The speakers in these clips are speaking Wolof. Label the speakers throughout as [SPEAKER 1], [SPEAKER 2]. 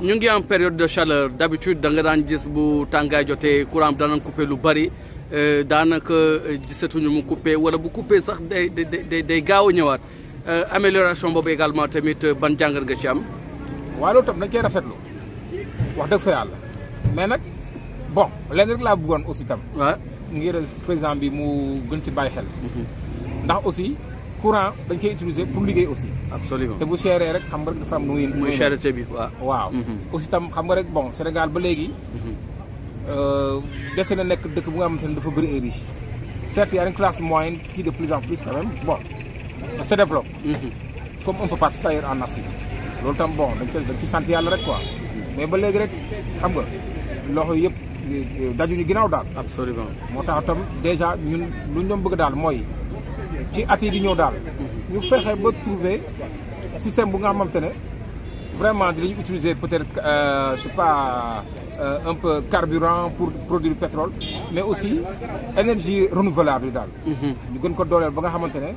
[SPEAKER 1] ñu ngi am période de chaleur d'habitude da nga daan gis bu tàngaay jotee courant bi danañ coupé lu bari euh, daanaka euh, gisatuñu mu coupé wala bu coupé sax day day day gaaw a ñëwaat euh, amélioration boobu également tamit ban jàngat nga ci am. waaw tam dañ koy rafetlu wax dëgg fa yàlla mais nag bon lenn rek laa bëggoon
[SPEAKER 2] aussi tam. waa ngir président bi mu gën ci bàyyi xel. Mm-hmm. ndax aussi. courant dañ koy utiliser pour liggéey aussi.
[SPEAKER 1] absolument te bu seeree rek xam nga dafa am nu muy. muy bi waaw.
[SPEAKER 2] waaw mm-hmm. aussi tam xam nga rek bon Sénégal ba léegi. Mm-hmm. Euh, dese na nekk dëkk bu nga xamante ne dafa bëri ay riche. certes y a une classe moyenne qui de plus en plus quand même bon se développe. Mm-hmm. comme un peu partout ailleurs a Afrique. loolu tam bon dañ koy dañ ci sant yàlla rek ko mais ba léegi rek xam nga loxo yëpp euh, euh, dajuñu ginnaaw daal. absolument moo tax tam dèjà ñun lu ñoom bëgg daal mooy. ci at yi di ñëw daal ñu fexe ba trouver système bu nga xamante ne vraiment dinañu utiliser peut-être euh, je sais pas euh, un peu carburant pour produit pétrole mais aussi énergie renouvelable yi daal mhm. ñu gën ko dooleel ba nga xamante ne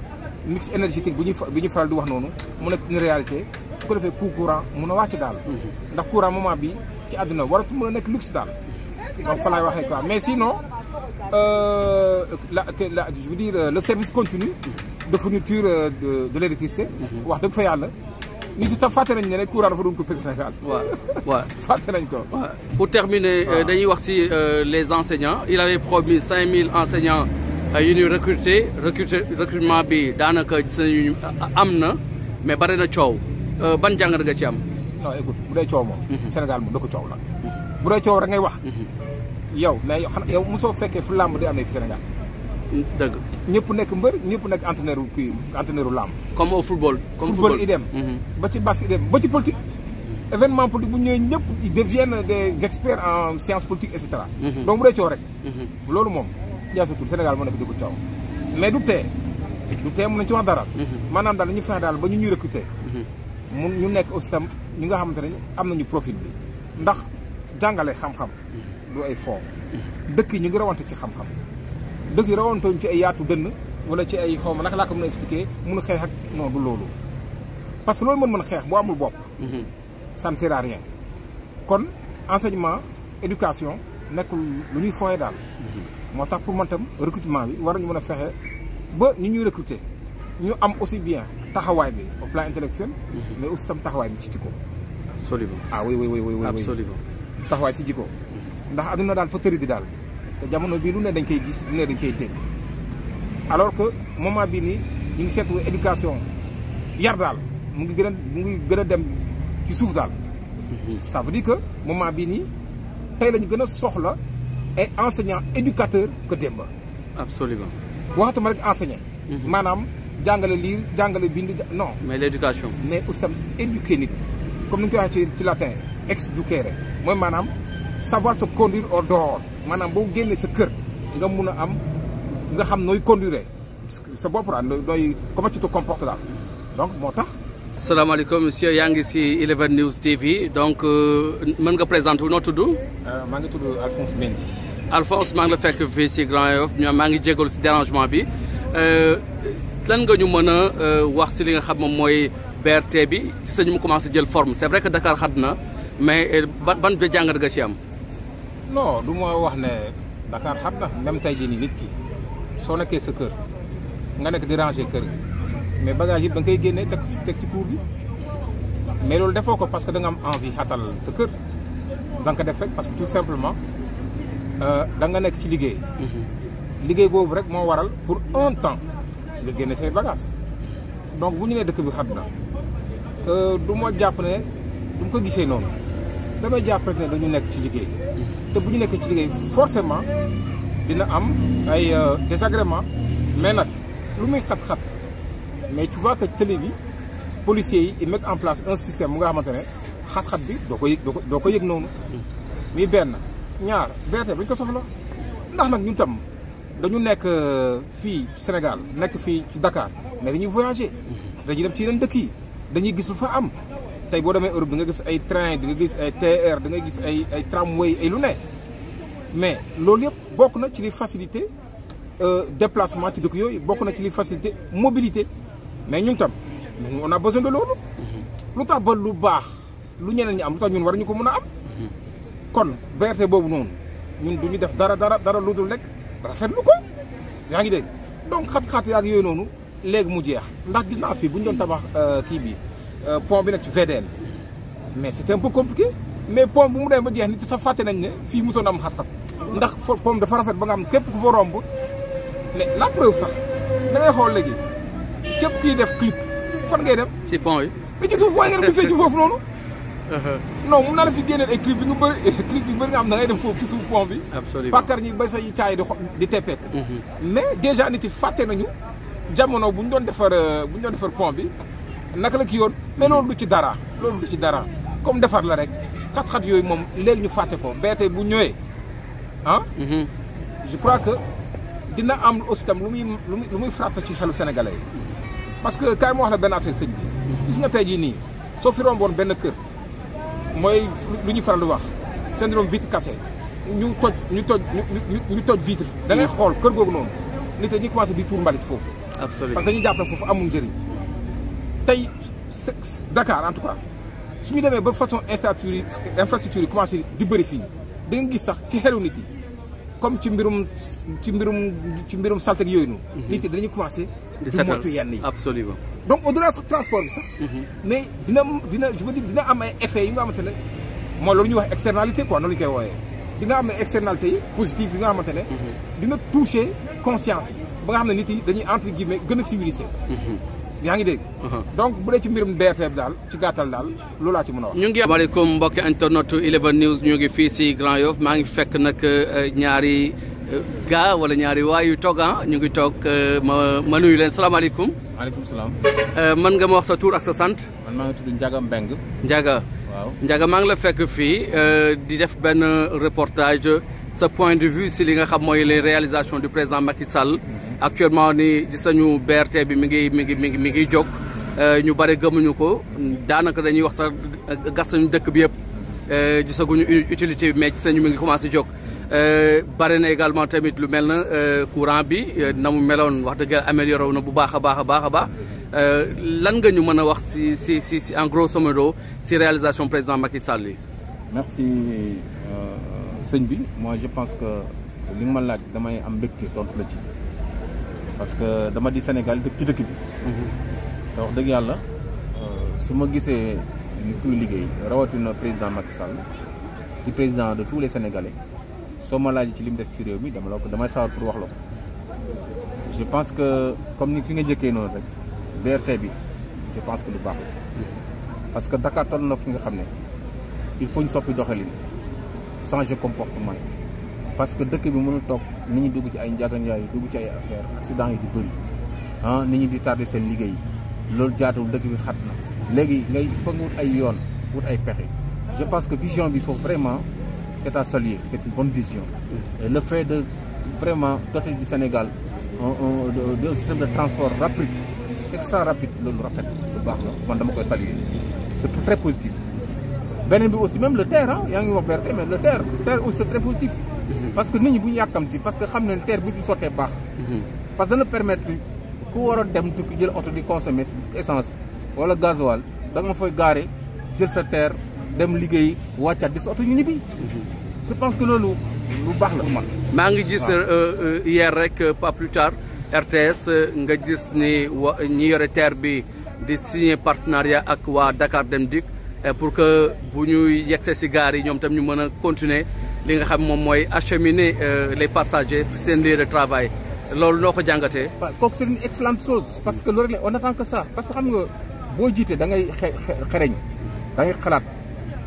[SPEAKER 2] mix énergétique bu ñuy bi ñu faral di wax noonu mu nekk une réalité su ko defee coût courant mun a wàcc daal mhm. ndax courant moment bi ci àdduna waratu mën a nekk luxe daal mhm. donc fa laay waxee quoi mais sinon euh, la, la, je veux service continu de fourniture euh, de, de l'électricité. Mhm. wax dëgg fa yàlla. nit ñi sax fàtte nañ ne rek courant dafa doon ko fi Sénégal.
[SPEAKER 1] waaw waaw fàtte nañ ko. pour terminer euh, dañuy wax si euh, les enseignants il avait promis 5000 enseignants yu ñuy recruter recruter recrutement bi daanaka seen am na mais bare na coow ban jàngat nga ci am.
[SPEAKER 2] non écoute coow moom. Mhm. Sénégal moom dëkk coow la. Mhm. yow mais xam yow mosoo fekkee fu làmb di amee fi Sénégal. dëgg ñëpp nekk mbër ñëpp nekk entraîneur kii entraîneur làmb.
[SPEAKER 1] comme au football. comme football yi dem. Mhm.
[SPEAKER 2] ba ci basket yi dem ba ci politique. événement politique bu ñëwee ñëpp ils deviennent des experts en sciences politiques et cetera. Mhm. donc bu dee coow rek. Mhm. loolu moom yaa sa tur Sénégal moo nekk di ko caaw. mais du tee du tee mën nañu ci wax dara. maanaam daal dañuy fexe daal ba ñu ñuy recruter. mun ñu nekk aussi tam ñi nga xamante ne am nañu profil bi ndax jàngale xam-xam. du ay fond dëkk yi ñu ngi rawante ci xam-xam dëkk yi ci ay yaatu dënn wala ci ay xaw ma naka laa ko mën a expliquer mun a xeex ak non du loolu parce que loolu mën mën xeex boo amul bopp mhm. ça ne sert kon enseignement éducation nekkul lu ñuy fooye daal mhm. moo tax pour man tam recrutement bi war ñu mën a fexe ba ñu ñuy recruter ñu am aussi bien taxawaay bi au plan intellectuel mhm. mais aussi tam taxawaay bi ci jikko absolument ah oui oui oui oui absolument taxawaay si jikko ndax adduna daal fa tëri daal te jamono bii lu ne dañ koy gis lu ne dañ koy dégg alors que moment bii nii ñu ngi seetu éducation yar daal mu ngi gën mu ngi gën a dem ci suuf daal ça veut dire moment bii nii tey lañu gën a soxla ay enseignant éducateur que démb absolument waxatuma rek enseigné mhm. maanaam jàngale liir jàngale bind non
[SPEAKER 1] mais l'éducation
[SPEAKER 2] mais aussi tam éduquer nit comme ni ñu koy waxee ci latin exducere mooy maanaam savoir sa conduire au dehors maanaam boo génnee sa kër nga mun a am nga xam nooy conduire sa bopp daal nooy comment tu te comportes daal donc moo tax.
[SPEAKER 1] salaamaaleykum monsieur yaa ngi si Eleven News TV donc euh, man nga présenter wu noo tudd. Euh,
[SPEAKER 2] maa ngi tudd Alphonse
[SPEAKER 1] Mendy. Alphonse maa ngi la fekk fii si Grand Yoff maa ngi jégalu si dérangement bi euh, lan nga ñu mën a wax si li nga xam moom mooy BRT bi ci sa ñu mu commencé jël forme c'est vrai que Dakar xat na mais ban ban jàngat nga si am.
[SPEAKER 2] non du moo wax ne dakaar xam na même tey jii nii nit ki soo nekkee sa kër nga nekk di kër mais bagage yi da nga génne génnee teg teg ci cour bi mais loolu defoo ko parce que da nga am envie xatal sa kër da ko def rek parce que tout simplement euh, da nga nekk ci liggéey. Mhm. liggéey boobu rek moo waral pour un temps nga génne say bagage donc bu ñu nee dëkk bi xat euh, du ma jàpp ne du ma ko gisee noonu. damay jàpp rek ne dañu nekk ci liggéey te bu ñu nekkee ci liggéey forcément dina am ay euh, désagrément mais nag lu muy xat-xat mais tu vois que télé bi policiers yi ils mettent en place un système mu nga xamante ne xat-xat bi doo ko yëg doo ko yëg noonu muy benn ñaar BRT bañ ko soxla ndax nag ñu tam dañu nekk euh, fii Sénégal nekk fii ci dakaar mais dañuy voyager dañuy dem ci yeneen dëkk yi dañuy gis lu fa am tey boo demee Europe di nga gis ay train di nga gis ay TR di gis ay ay tramway ay lu ne mais loolu yëpp bokk na ci li facilité euh, déplacement ci dëkk yooyu bokk na ci li facilité mobilité mais ñun tam mais on a besoin de loolu. Mhm. lu tax ba lu baax lu ñeneen ñi am lu tax ñun war ñu ko mën a am. Mhm. kon BRT boobu noonu ñun du ñu def dara dara dara lu dul rek rafetlu ko yaa ngi dégg donc xat-xat yaak yooyu noonu léegi mu jeex ndax gis naa fii bu ñu doon tabax euh, kii bii. Euh, pont bi nekk ci VDN mais c'était un peu compliqué mais pont bu mu dee ba jeex nit sa fàtte nañ ne fii mosoon am xat-xat ndax pont dafa rafet ba nga am képp ku fa romb mais la preuve sax da xool léegi képp kiy def clip fan ngay
[SPEAKER 1] dem. ci pont yi.
[SPEAKER 2] da ci suuf waaye nga dem ci ci uh-huh. naa la fi génneel ay bi nga bëri clip nga am na ngay dem foofu ci suuf bi. absolument bàkkar ñi ba sa yi caay di xo di teppeeku. Mm-hmm. mais déjà nit yi fàtte nañu jamono bu ñu doon defar euh, bu ñu doon defar pont bi. naka la ki yoon mais loolu du ci dara loolu du ci dara comme defar la rek xat-xat yooyu moom léegi ñu fàtte ko beete bu ñëwee ah mhm. je crois que dina am aussi tam lu muy lu ci xelu sénégalais yi parce que kaay ma wax la benn affaire sëñ bi gis nga tey jii nii soo fi romboon benn kër mooy lu ñu faral di wax syndrome vitre kase ñu toj ñu toj ñu toj vitre da ngay mhm. xool kër googu noon nit ñi commencé di tuur mbalit foofu absolument parce que dañuy jàpp ne foofu amul njëriñ tey Dakar en tout cas su ñu demee ba façon infrastructure yi infrastructure yi commencé di bëri fii da gis sax ci xelu nit yi comme ci mbirum ci mbirum ci mbirum salteg yooyu noonu. Mhm. nit yi dañuy commencé. di seetal
[SPEAKER 1] yenn yi absolument
[SPEAKER 2] donc au delà sax transport bi sax. mais mhm. dina dina am ay effets yu nga xamante ne mooy loolu ñuy wax externalité quoi noonu ñu koy wooyee. dina am ay externalité yi positive yi nga xamante ne. Mhm. dina toucher conscience yi ba nga xam ne nit yi dañuy entre guillemets gën a civilisé. yaa ngi dégg. Uh-huh. donc bu dee ci mbirum DRT bi daal ci gàttal daal loolu laa ci mën a wax. ñu ngi asalaamaaleykum
[SPEAKER 1] mbokki internet 11 news ñu ngi fii si Grand Yoff maa ngi fekk nag uh, ñaari uh, gaa wala ñaari waay yu toog ah, ñu ngi toog uh, ma ma nuyu leen salaamaaleykum. maaleykum salaam. mën nga ma wax sa tur ak sa sant. man maa ngi tudd Ndiaga Mbengue. Ndiaga. waaw maa ngi la fekk fii di def benn reportage sa point de vue si li nga xam mooy les réalisations du président Macky Sall. Mhm. actuellement ni gis nañu BRT bi mi ngi mi ngi mi ngi mi ngi jóg euh, ñu bare gëmuñu ko daanaka dañuy wax sa gas nañu dëkk bi yëpp euh, gisaguñu utilité bi mais gis nañu mi ngi commencé jóg. Euh, bare na également tamit lu mel na courant bi na mu meloon wax dëgg amélioré wu na bu baax a baax a baax a baax lan nga ñu mën a wax si si si si en grosso modo réalisation président Macky Sall yi.
[SPEAKER 3] merci sëñ bi moi je pense que li nga ma laaj damay am mbégte tontu la ci. parce que dama di Sénégal dëkk ci dëkk bi. Mhm. te wax dëgg yàlla euh, su ma gisee li kuy liggéey rawatina président Macky Sall di président de tous les Sénégalais soo ma laaj ci li mu def ci réew mi dama la ko damay sawar pour wax la ko. je pense que comme ni fi nga jëkkee noonu rek BRT bi je pense que lu baax la parce que Dakar toll na fi nga xam ne il faut ñu soppi doxalin changer comportement yi. parce que dëkk bi mënul toog nit ñi dugg ci ay njaaganjaay dugg ci ay affaire accident yi di bëri ah, nit ñi di tardé seen liggéey loolu jaatuwul dëkk bi xat na léegi ngay fa nga wut ay yoon wut ay pexe je pense que vision bi foofu vraiment c' est à saluer est une bonne vision et le de vraiment doter du Sénégal un système de transport rapide extra rapide loolu rafet lu baax la man dama koy saluer c' est très positif beneen bi aussi même le TER yaa ngi wax BRT mais le TER TER Mhm. parce que nit ñi bu ñu yàkkamti parce que xam ne terre bu ñu sottee baax. Mhm. parce que dana permettre ku war a dem tukki jël oto di consommer essence wala gasoil da nga fay gaare jël sa terre dem liggéey wàccaat di sa oto ñu ñibbi. Mhm. je parce que loolu lu baax la man. maa ngi gis euh,
[SPEAKER 1] euh, hier rek euh, pas plus tard RTS nga gis ni wa ñi yore terre bi di signer partenariat ak waa Dakar Dem Dikk pour que bu ñuy yegsee si gaar yi ñoom tam ñu mën a continuer. li nga xam moom mooy acheminer euh, les passagers seen lieu de travail loolu noo ko jàngatee.
[SPEAKER 3] waaw kooku c'est une excellente parce que loolu on attend que ça parce que xam nga boo jiite da ngay xe xereñ xalaat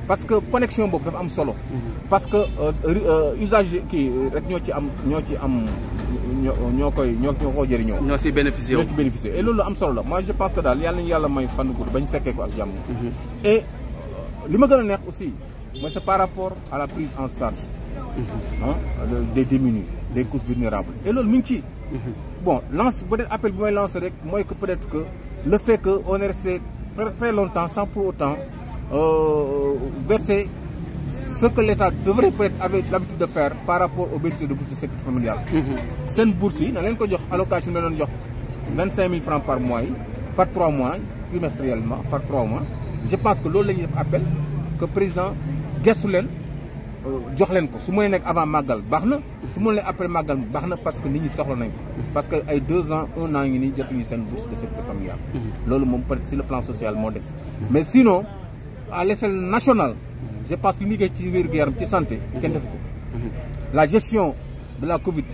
[SPEAKER 3] parce que connexion boobu dafa am solo. Mm-hmm. parce que euh, euh, usage kii rek ñoo ci am ñoo ci am ñoo koy ñoo ko jëriñoo.
[SPEAKER 1] ñoo si bénéficié ñoo ci bénéficié
[SPEAKER 3] et loolu am solo la moi je pense que daal yàlla ñu yàlla may fan gudd bañ fekkee ak jàmm. Mm-hmm. et li ma gën a neex aussi. mais c'est par rapport à la prise en charge ah des démunis des couches vulnérables et loolu mi ngi ci bon lance peut-être appel bi may lancer rek mooy que peut-être que le fait que on est resté très, très longtemps sans pour autant euh, verser ce que l'État devrait peut-être avoir l'habitude de faire par rapport aux bénéficiaires de bourse de sécurité familiale seen bourse yi na leen ko jox allocation bi doon jox vingt cinq mille francs par mois yi par trois mois par trois mois je pense que loolu la ñuy gestu leen euh, jox leen ko su mënee nekk avant màggal baax na su mënee après màggal baax na parce que nit ñi soxla nañ ko. parce que ay deux ans un an ngi nii jotuñu seen bourse de sécurité familiale. Mhm. loolu moom peut-être sur le plan social moo des. mais sinon à l'échelle nationale. je pense que mi liggéey ci wér gu ci santé. kenn def ko. Mhm. la gestion de la Covid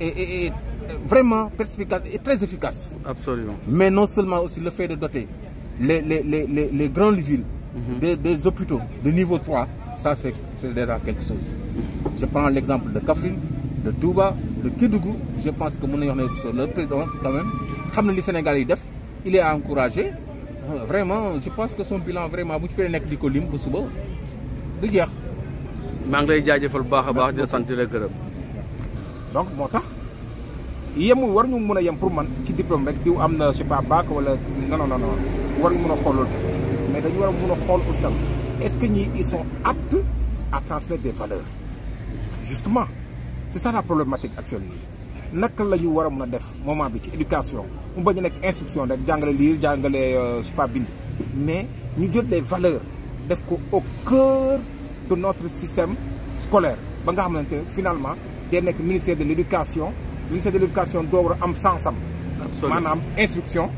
[SPEAKER 3] est vraiment perspicace et très efficace. mais non seulement aussi le fait de doter les le les les les grandes Mhm. des, des hôpitaux de niveau trois ça c'est déjà quelque chose. Mhm. Je prends l'exemple de Kafrine, de Touba, de Kédougou. Je pense que mun na mon sur le président quand même, comme sénégal yi def, il est
[SPEAKER 1] encouragé.
[SPEAKER 3] Vraiment, je pense que son bilan vraiment, vous pouvez nekk di ko lim bu suba.
[SPEAKER 1] Du jeex. maa ngi lay jaajëfal bu baax a baax de sant la gërëm.
[SPEAKER 2] donc moo tax yemul war ñu mun a yem pour man ci diplôme rek di am na je sais pas bac wala non non non war ñu mën a xool mais dañu war a mun a xool aussi tam est-ce que ñii ils sont aptes à transmettre des valeurs justement c'est ça la problématique actuelle nii naka la ñu war a mun a def moment bi ci éducation mu bañ a nekk instruction rek jàngale lire jàngale euh, je sais pas bind mais ñu jot les valeurs def ko au cœur de notre système scolaire ba nga xamante ne finalement day nekk ministère de l'éducation ministère de l'éducation door a am am maanaam instruction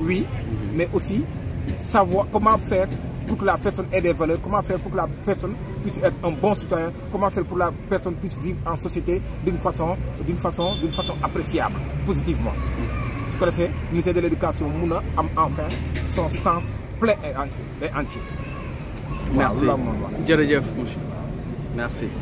[SPEAKER 2] oui mm-hmm. mais aussi savoir comment faire pour que la personne ait des valeurs, comment faire pour que la personne puisse être un bon citoyen, comment faire pour que la personne puisse vivre en société d'une façon, d'une façon, d'une façon appréciable, positivement. su ko defee ministère de l'éducation mun a am enfin son sens plein et entier.
[SPEAKER 1] merci jërëjëf monsieur merci.